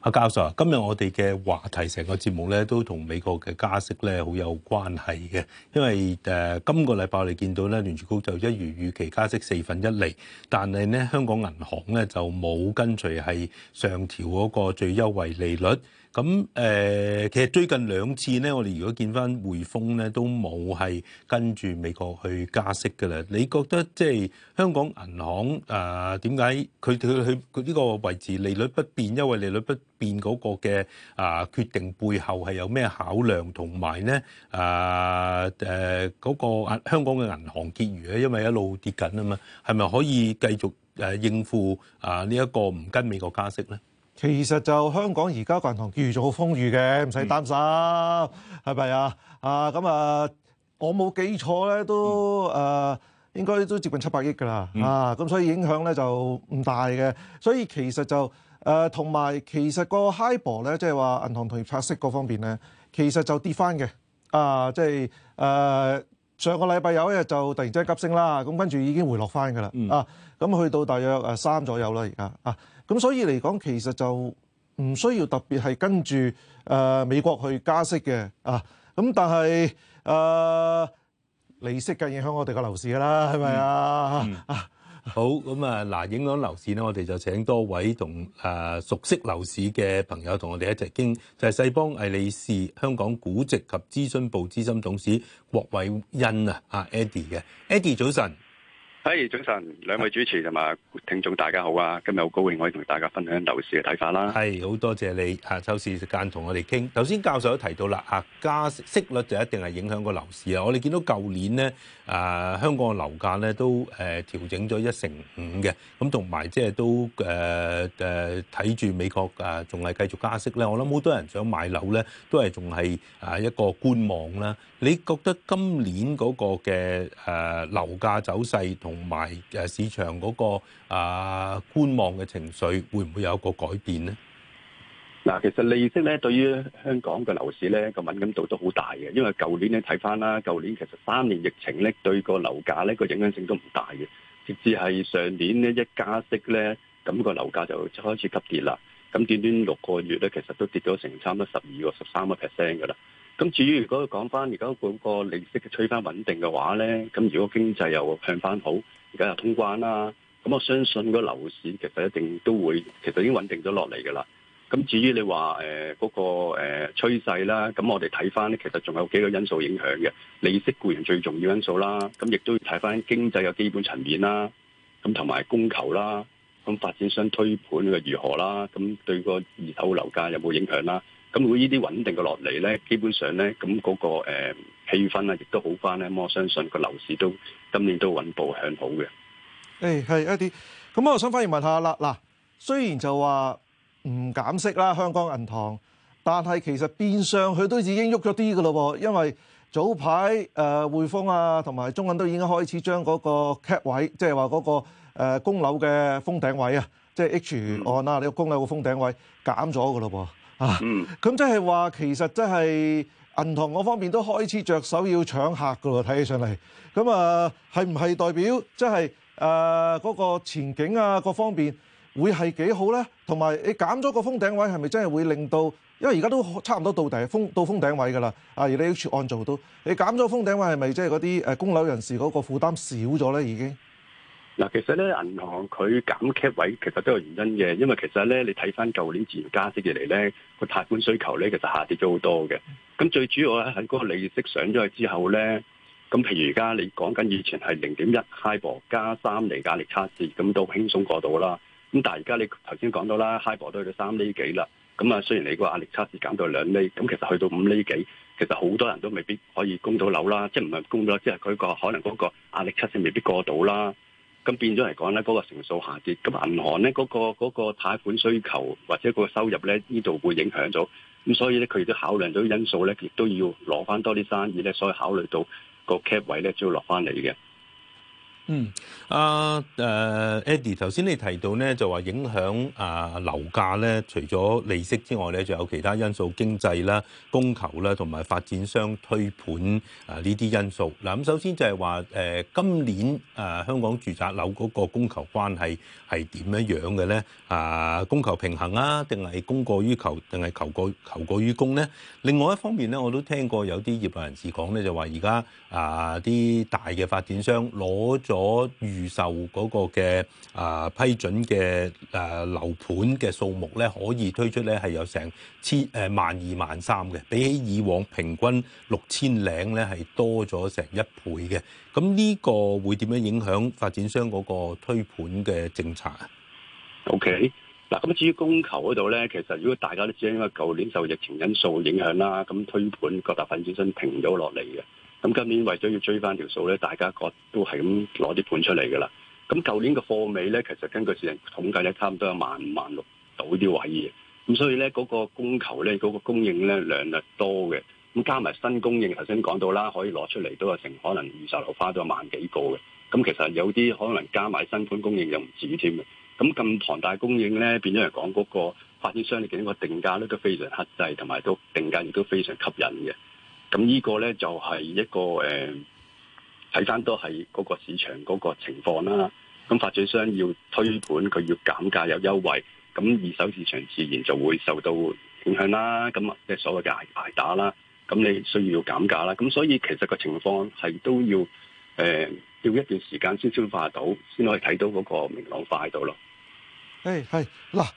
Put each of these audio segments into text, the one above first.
阿教授，今日我哋嘅話題，成個節目咧都同美國嘅加息咧好有關係嘅，因為誒今、呃今個禮拜我哋見到咧聯儲局就一如預期加息四分一厘，但係咧香港銀行咧就冇跟隨係上調嗰個最優惠利率。咁誒、呃，其實最近兩次咧，我哋如果見翻匯豐咧，都冇係跟住美國去加息嘅啦。你覺得即係、就是、香港銀行誒點解佢佢佢呢個維持利率不變？因為利率不變嗰個嘅誒、呃、決定背後係有咩考量？同埋咧誒誒嗰個香港嘅銀行結餘咧，因為一路跌緊啊嘛，係咪可以繼續誒應付啊呢一個唔跟美國加息咧？其實就香港而家個銀行結餘好豐裕嘅，唔使擔心，係、嗯、咪啊？啊咁、嗯、啊，我冇記錯咧，都誒應該都接近七百億㗎啦。嗯、啊，咁所以影響咧就唔大嘅。所以其實就同埋、啊、其實個 HIBOR 咧，即係話銀行同業拆息嗰方面咧，其實就跌翻嘅。啊，即係誒上個禮拜有一日就突然之間急升啦，咁跟住已經回落翻㗎啦。嗯、啊，咁去到大約三左右啦，而家啊。咁所以嚟講，其實就唔需要特別係跟住誒、呃、美國去加息嘅啊。咁但係誒、呃、利息梗係影響我哋嘅樓市㗎啦，係咪啊？好咁啊！嗱，影響樓市咧，我哋就請多位同誒、呃、熟悉樓市嘅朋友同我哋一齊傾，就係、是、世邦魏理仕香港估值及諮詢部資深董事郭偉恩啊，阿 Eddy 嘅 Eddy 早晨。嘿，早晨，兩位主持同埋聽眾大家好啊！今日好高興可以同大家分享樓市嘅睇法啦。係，好多謝你抽時時間同我哋傾。頭先教授都提到啦，啊加息率就一定係影響個樓市啊！我哋見到舊年咧，啊香港嘅樓價咧都誒調整咗一成五嘅，咁同埋即係都誒誒睇住美國啊，仲係繼續加息咧。我諗好多人想買樓咧，都係仲係啊一個觀望啦。你覺得今年嗰個嘅誒樓價走勢同同埋誒市場嗰個啊觀望嘅情緒，會唔會有一個改變呢？嗱，其實利息咧，對於香港嘅樓市咧，個敏感度都好大嘅。因為舊年你睇翻啦，舊年其實三年疫情咧，對個樓價咧個影響性都唔大嘅。直至係上年呢一加息咧，咁個樓價就開始急跌啦。咁短短六個月咧，其實都跌咗成差唔多十二個十三個 percent 㗎啦。咁至於如果講翻而家嗰個利息嘅趨向穩定嘅話咧，咁如果經濟又向翻好，而家又通關啦，咁我相信個樓市其實一定都會，其實已經穩定咗落嚟噶啦。咁至於你話誒嗰個誒、呃、趨勢啦，咁我哋睇翻咧，其實仲有幾個因素影響嘅，利息固然最重要因素啦，咁亦都要睇翻經濟嘅基本層面啦，咁同埋供求啦，咁發展商推盤又如何啦，咁對個二手樓價有冇影響啦？咁會呢啲穩定嘅落嚟咧，基本上咧，咁嗰個誒氣氛啊，亦都好翻咧。咁我相信個樓市都今年都穩步向好嘅。誒，係 Eddie。咁我想反而問下啦，嗱，雖然就話唔減息啦，香港銀行，但係其實變相佢都已經喐咗啲嘅咯噃。因為早排誒匯豐啊，同埋中銀都已經開始將嗰個 cap 位，即係話嗰個誒供樓嘅封頂位啊，即係 H 按啊，你個供樓嘅封頂位減咗嘅咯噃。啊，咁即係話其實即係銀行嗰方面都開始着手要搶客噶咯，睇起上嚟，咁啊，係唔係代表即係誒嗰個前景啊各方面會係幾好咧？同埋你減咗個封頂位係咪真係會令到，因為而家都差唔多到底封到封頂位噶啦，啊而你要按做到，你減咗封頂位係咪即係嗰啲公供樓人士嗰個負擔少咗咧已經呢？嗱，其實咧，銀行佢減 cap 位其實都有原因嘅，因為其實咧，你睇翻舊年自然加息以嚟咧，個貸款需求咧其實下跌咗好多嘅。咁最主要咧喺嗰個利息上咗去之後咧，咁譬如而家你講緊以前係零點一 HIBOR 加三厘壓力測試，咁都輕鬆過啦到啦。咁但係而家你頭先講到啦，HIBOR 都去到三厘幾啦。咁啊，雖然你個壓力測試減到兩厘，咁其實去到五厘幾，其實好多人都未必可以供到樓啦，即係唔係供到，即係佢、嗰個可能嗰個壓力測試未必過到啦。咁變咗嚟講咧，嗰個成數下跌，咁銀行咧嗰個嗰個貸款需求或者個收入咧，呢度會影響咗，咁所以咧佢亦都考慮咗因素咧，亦都要攞翻多啲生意咧，所以考慮到個 cap 位咧，就要落翻嚟嘅。嗯，啊、uh, 誒、uh, Eddie 頭先你提到咧，就話影響啊樓價咧，除咗利息之外咧，仲有其他因素，經濟啦、供求啦，同埋發展商推盤啊呢啲因素。嗱，咁首先就係話誒今年誒、uh, 香港住宅樓個供求關係係點樣樣嘅咧？啊、uh,，供求平衡啊，定係供過於求，定係求過求過於供咧？另外一方面咧，我都聽過有啲業內人士講咧，就話而家啊啲大嘅發展商攞咗。所預售嗰個嘅啊批准嘅誒樓盤嘅數目咧，可以推出咧係有成千誒、啊、萬二萬三嘅，比起以往平均六千零咧係多咗成一倍嘅。咁呢個會點樣影響發展商嗰個推盤嘅政策啊？OK，嗱咁至於供求嗰度咧，其實如果大家都知，因為舊年受疫情因素影響啦，咁推盤各大發展商停咗落嚟嘅。咁今年為咗要追翻條數咧，大家個都係咁攞啲盤出嚟㗎啦。咁舊年嘅貨尾咧，其實根據市場統計咧，差唔多有萬五萬六度啲位嘅。咁所以咧嗰、那個供求咧，嗰、那個供應咧量略多嘅。咁加埋新供應，頭先講到啦，可以攞出嚟都有成可能二十樓花咗萬幾個嘅。咁其實有啲可能加埋新款供應又唔止添嘅。咁咁龐大供應咧，變咗嚟講嗰個發展商嘅呢個定價咧都非常克制，同埋都定價亦都非常吸引嘅。咁呢個呢，就係、是、一個誒，睇、呃、翻都係嗰個市場嗰個情況啦。咁發展商要推盤，佢要減價有優惠，咁二手市場自然就會受到影響啦。咁即係所謂嘅挨打啦，咁你需要減價啦。咁所以其實個情況係都要誒、呃，要一段時間先消化到，先可以睇到嗰個明朗化到咯。誒係，嗱，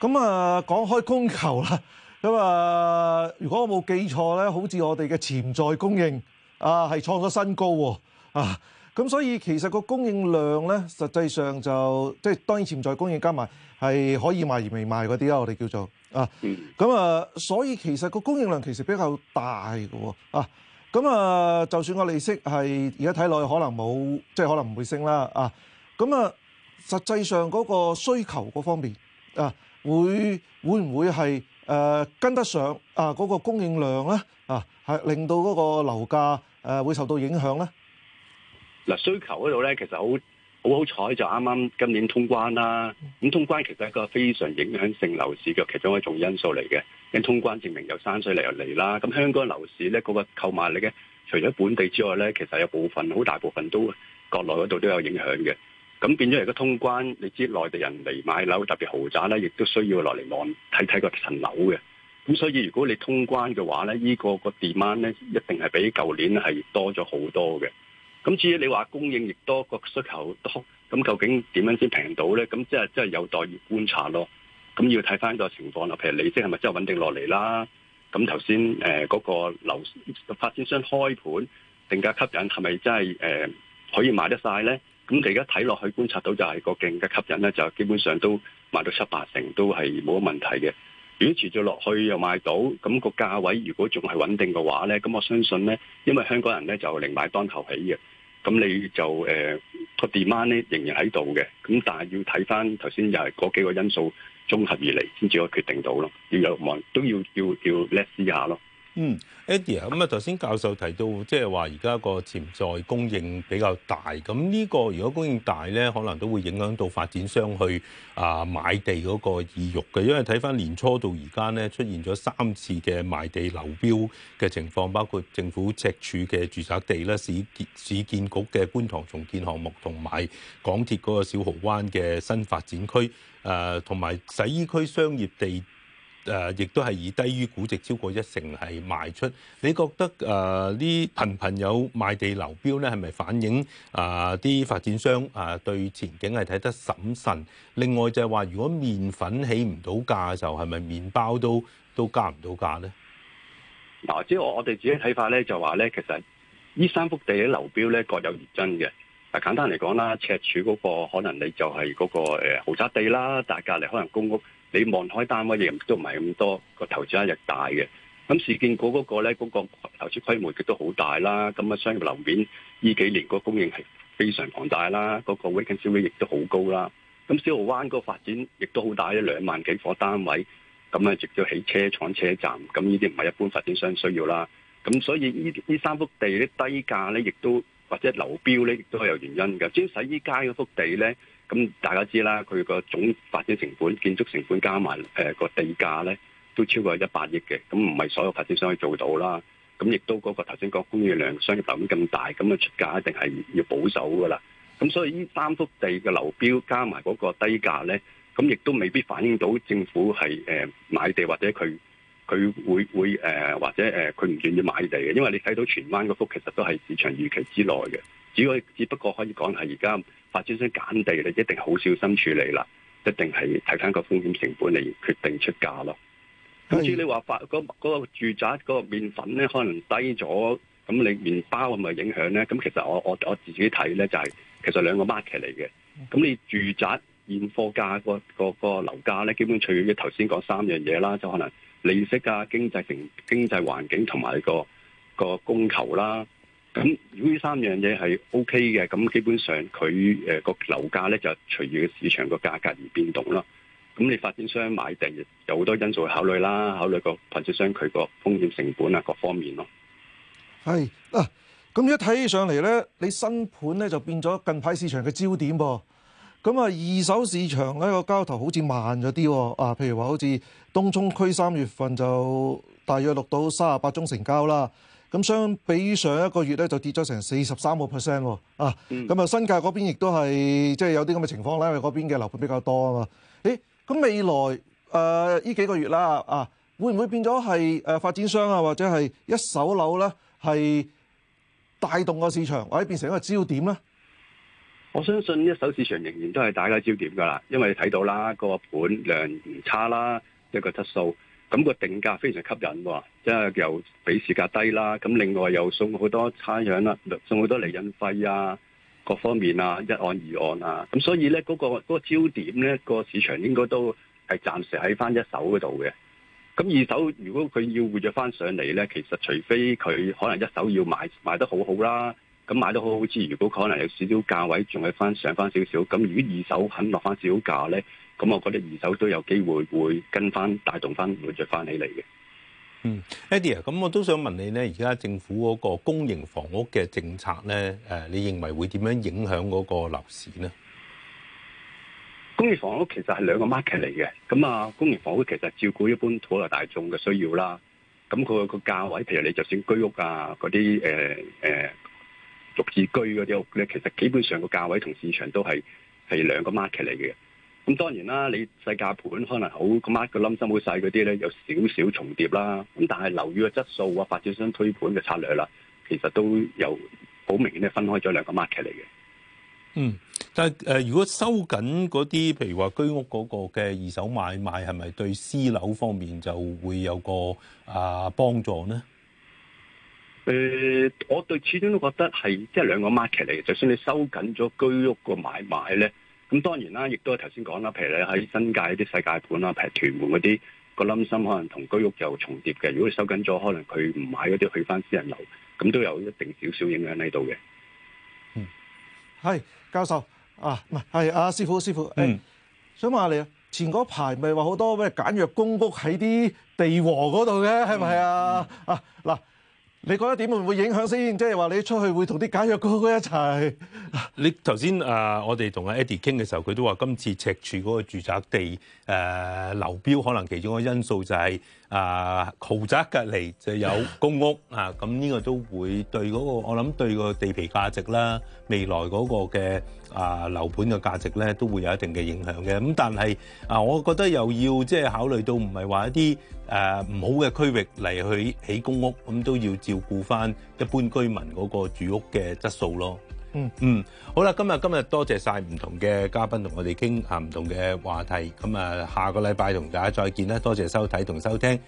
咁啊、uh, 講開供求啦。咁啊！如果我冇記錯咧，好似我哋嘅潛在供應啊，係創咗新高喎啊！咁啊，所以其實個供應量咧，實際上就即係當然潛在供應加埋係可以賣而未賣嗰啲啦，我哋叫做啊。咁啊，所以其實個供應量其實比較大嘅喎啊。咁啊，就算個利息係而家睇落去可能冇，即係可能唔會升啦啊。咁啊，實際上嗰個需求嗰方面啊，會會唔會係？誒、呃、跟得上啊，嗰、那個供應量咧啊，係令到嗰個樓價誒、啊、會受到影響咧。嗱，需求嗰度咧，其實好好好彩就啱啱今年通關啦。咁通關其實係一個非常影響性的樓市嘅其中一種因素嚟嘅。因通關證明有山水嚟又嚟啦。咁香港樓市咧，嗰個購買力咧，除咗本地之外咧，其實有部分好大部分都國內嗰度都有影響嘅。咁變咗而家通關，你知內地人嚟買樓，特別豪宅咧，亦都需要落嚟望睇睇個層樓嘅。咁所以如果你通關嘅話咧，呢個個 demand 咧，一定係比舊年係多咗好多嘅。咁至於你話供應亦多，個需求多，咁究竟點樣先平到咧？咁即係即係有待於觀察咯。咁要睇翻個情況啦。譬如利息係咪真係穩定落嚟啦？咁頭先誒嗰個樓發展商開盤定價吸引係咪真係可以買得晒咧？咁而家睇落去觀察到就係個勁嘅吸引咧，就基本上都賣到七八成，都係冇乜問題嘅。如果持續落去又賣到，咁、那個價位如果仲係穩定嘅話咧，咁我相信咧，因為香港人咧就零買當頭起嘅，咁你就誒 d 地 m a n 咧仍然喺度嘅，咁但係要睇翻頭先又係嗰幾個因素綜合而嚟先至可以決定到咯，要有望都要要要叻思下咯。嗯，Eddie，咁啊，頭先教授提到即係話而家個潛在供應比較大，咁呢個如果供應大咧，可能都會影響到發展商去啊買地嗰個意慾嘅，因為睇翻年初到而家咧，出現咗三次嘅賣地流標嘅情況，包括政府赤柱嘅住宅地啦，市建市建局嘅觀塘重建項目，同埋港鐵嗰個小蠔灣嘅新發展區，誒同埋洗衣區商業地。誒，亦都係以低於估值超過一成係賣出。你覺得誒呢？頻、呃、頻有賣地流標咧，係咪反映啊啲、呃、發展商啊對前景係睇得審慎？另外就係話，如果麵粉起唔到價嘅時候，係咪麵包都都加唔到價咧？嗱，即係我哋自己睇法咧，就話咧，其實呢三幅地嘅流標咧，各有而真嘅。簡單嚟講啦，赤柱嗰個可能你就係嗰個豪宅地啦，但係隔離可能公屋，你望開單位亦都唔係咁多個投資壓力大嘅。咁事見嗰個咧，嗰、嗰個投資規模亦都好大啦。咁啊，商業樓面呢幾年個供應係非常龐大啦，嗰、嗰個 weekend supply 亦都好高啦。咁小蠔灣個發展亦都好大，一兩萬幾夥單位，咁啊，直接起車廠車站，咁呢啲唔係一般發展商需要啦。咁所以呢三幅地咧低價咧，亦都。或者流標咧，亦都係有原因嘅。至於洗衣街嗰幅地咧，咁大家知啦，佢個總發展成本、建築成本加埋誒個地價咧，都超過一百億嘅。咁唔係所有發展商可以做到啦。咁亦都嗰、那個頭先講供應量商業樓盤咁大，咁啊出價一定係要保守噶啦。咁所以呢三幅地嘅流標加埋嗰個低價咧，咁亦都未必反映到政府係誒、呃、買地或者佢。佢會會誒、呃、或者誒，佢、呃、唔願意買地嘅，因為你睇到荃灣嗰幅，其實都係市場預期之內嘅。只可只不過可以講係而家發展商揀地你一定好小心處理啦，一定係睇翻個風險成本嚟決定出價咯。跟住你話發嗰、嗰個住宅嗰個麵粉咧，可能低咗，咁你麵包有冇影響咧？咁其實我我我自己睇咧，就係、係、其實係兩個 market 嚟嘅。咁你住宅現貨價、嗰個個、嗰個樓價咧，基本除咗頭先講三樣嘢啦，就可能。利息啊，經濟成經濟環境同埋、嗰個個供求啦。咁如果呢三樣嘢係 OK 嘅，咁基本上佢誒個樓價咧就隨住個市場個價格而變動啦。咁你發展商買定有好多因素去考慮啦，考慮個發展商佢個風險成本啊各方面咯。係啊，咁一睇起上嚟咧，你新盤咧就變咗近排市場嘅焦點噃。咁啊，二手市場呢個交投好似慢咗啲喎，啊，譬如話好似東涌區三月份就大約錄到三十八宗成交啦，咁相比上一個月咧就跌咗成四十三個 percent 喎，啊、哦，咁啊新界嗰邊亦都係即係有啲咁嘅情況啦，因為嗰邊嘅樓盤比較多啊嘛，咁、欸、未來誒呢、呃、幾個月啦，啊，會唔會變咗係誒發展商啊或者係一手樓咧係帶動個市場或者變成一個焦點咧？我相信一手市場仍然都係大家焦點㗎啦，因為你睇到啦個盤量唔差啦，一個質素，咁個定價非常吸引喎，即係又比市價低啦，咁另外又送好多差餉啦，送好多釐印費啊，各方面啊，一按二按啊，咁所以呢，嗰個嗰個焦點呢個市場應該都係暫時喺翻一手嗰度嘅。咁二手如果佢要活躍翻上嚟呢，其實除非佢可能一手要買買得好好啦。咁買得好好之，如果可能有少少價位，仲係翻上翻少少。咁如果二手肯落翻少少價咧，咁我覺得二手都有機會會跟翻，帶動翻會着翻起嚟嘅。嗯，Eddie 啊，咁我都想問你咧，而家政府嗰個公營房屋嘅政策咧，誒，你認為會點樣影響嗰個樓市呢？公營房屋其實係兩個 market 嚟嘅，咁啊，公營房屋其實照顧一般普羅大眾嘅需要啦。咁佢個價位，譬如你就算居屋啊，嗰啲誒誒，呃呃逐字居嗰啲屋咧，其實基本上個價位同市場都係係兩個 market 嚟嘅。咁當然啦，你細價盤可能好個 market 個冧心好細嗰啲咧，的的些有少少重疊啦。咁但係樓宇嘅質素啊，發展商推盤嘅策略啦，其實都有好明顯咧分開咗兩個 market 嚟嘅。嗯，但係誒、呃，如果收緊嗰啲，譬如話居屋嗰個嘅二手買賣，係咪對私樓方面就會有個啊、呃、幫助咧？誒、呃，我對始終都覺得係即係兩個 market 嚟嘅。就算你收緊咗居屋個買賣咧，咁當然啦，亦都係頭先講啦。譬如你喺新界啲世界盤啊，譬如屯門嗰啲，嗰個冧心可能同居屋又重疊嘅。如果你收緊咗，可能佢唔買嗰啲去返私人樓，咁都有一定少少影響喺度嘅。嗯，係教授啊，係係阿師傅，師傅，嗯，欸、想問下你啊。前嗰排咪話好多咩簡約公屋喺啲地王嗰度嘅，係咪啊，嗯、啊嗱。你覺得點會唔會影響先？即係話你出去會同啲假約嗰個一齊？你頭先啊，我哋同阿 Eddie 傾嘅時候，佢都話今次赤柱嗰個住宅地誒流、呃、標，可能其中一個因素就係、係。啊豪宅隔離就有公屋啊，咁呢個都會對嗰個我諗對個地皮價值啦，未來嗰個嘅啊樓盤嘅價值咧都會有一定嘅影響嘅。咁但係啊，我覺得又要即係考慮到唔係話一啲誒唔好嘅區域嚟去起公屋，咁都要照顧返一般居民嗰個住屋嘅質素咯。嗯嗯，好啦，今日今日多謝曬唔同嘅嘉賓同我哋傾下唔同嘅話題，咁啊下個禮拜同大家再見啦，多謝收睇同收聽。